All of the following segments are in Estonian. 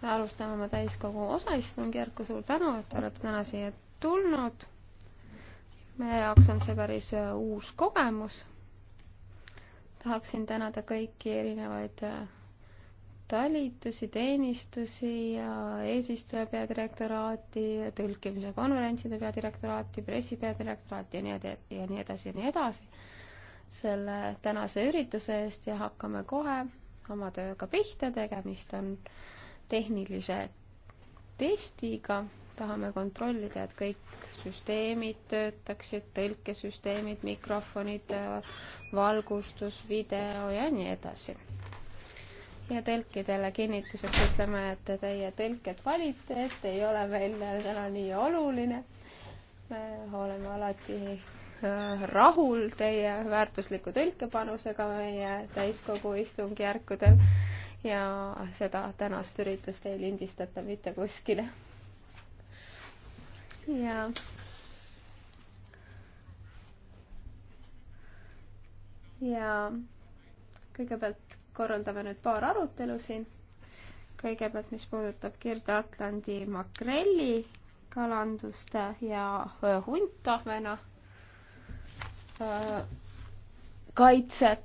me alustame oma täiskogu osaistungjärku, suur tänu, et te olete täna siia tulnud. meie jaoks on see päris äh, uus kogemus. tahaksin tänada kõiki erinevaid äh, talitusi, teenistusi ja eesistuja peadirektoraati, tõlkimise konverentside peadirektoraati, pressi peadirektoraati ja nii edasi ja nii edasi ja nii edasi selle tänase ürituse eest ja hakkame kohe oma tööga pihta, tegemist on tehnilise testiga, tahame kontrollida, et kõik süsteemid töötaksid, tõlkesüsteemid, mikrofonid, valgustus, video ja nii edasi. ja tõlkidele kinnituseks ütleme, et teie tõlke kvaliteet ei ole meile täna nii oluline. me oleme alati Äh, rahul teie väärtusliku tõlkepanusega meie täiskogu istungjärkudel ja seda tänast üritust ei lindistata mitte kuskile. ja ja kõigepealt korraldame nüüd paar arutelu siin. kõigepealt, mis puudutab Kirde-Atlandi makrelli kalanduste ja äh, huntahvena kaitset,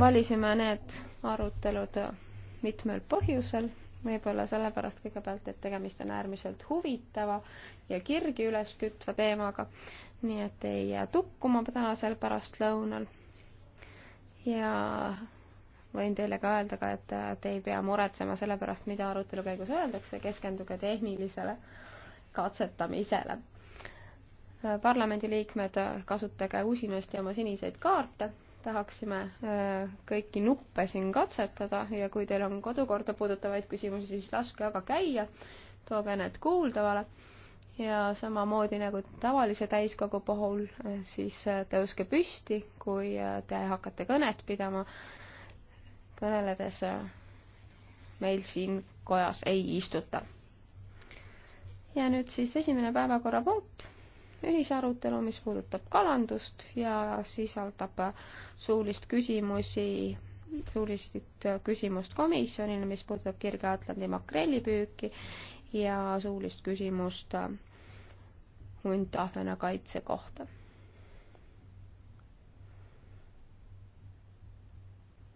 valisime need arutelud mitmel põhjusel, võib-olla sellepärast kõigepealt, et tegemist on äärmiselt huvitava ja kirgi üleskütva teemaga, nii et ei jää tukkuma tänasel pärastlõunal. ja võin teile ka öelda ka, et te ei pea muretsema selle pärast, mida arutelu käigus öeldakse, keskenduge tehnilisele katsetamisele parlamendiliikmed, kasutage usinasti oma siniseid kaarte, tahaksime äh, kõiki nuppe siin katsetada ja kui teil on kodukorda puudutavaid küsimusi, siis laske aga käia, tooge need kuuldavale ja samamoodi nagu tavalise täiskogu puhul, äh, siis äh, tõuske püsti, kui te hakkate kõnet pidama, kõneledes meil siin kojas ei istuta. ja nüüd siis esimene päevakorrapunkt ühisarutelu, mis puudutab kalandust ja sisaldab suulist küsimusi, suulist küsimust komisjonile, mis puudutab Kirga-Atlandi makrellipüüki ja suulist küsimust huntahvena kaitse kohta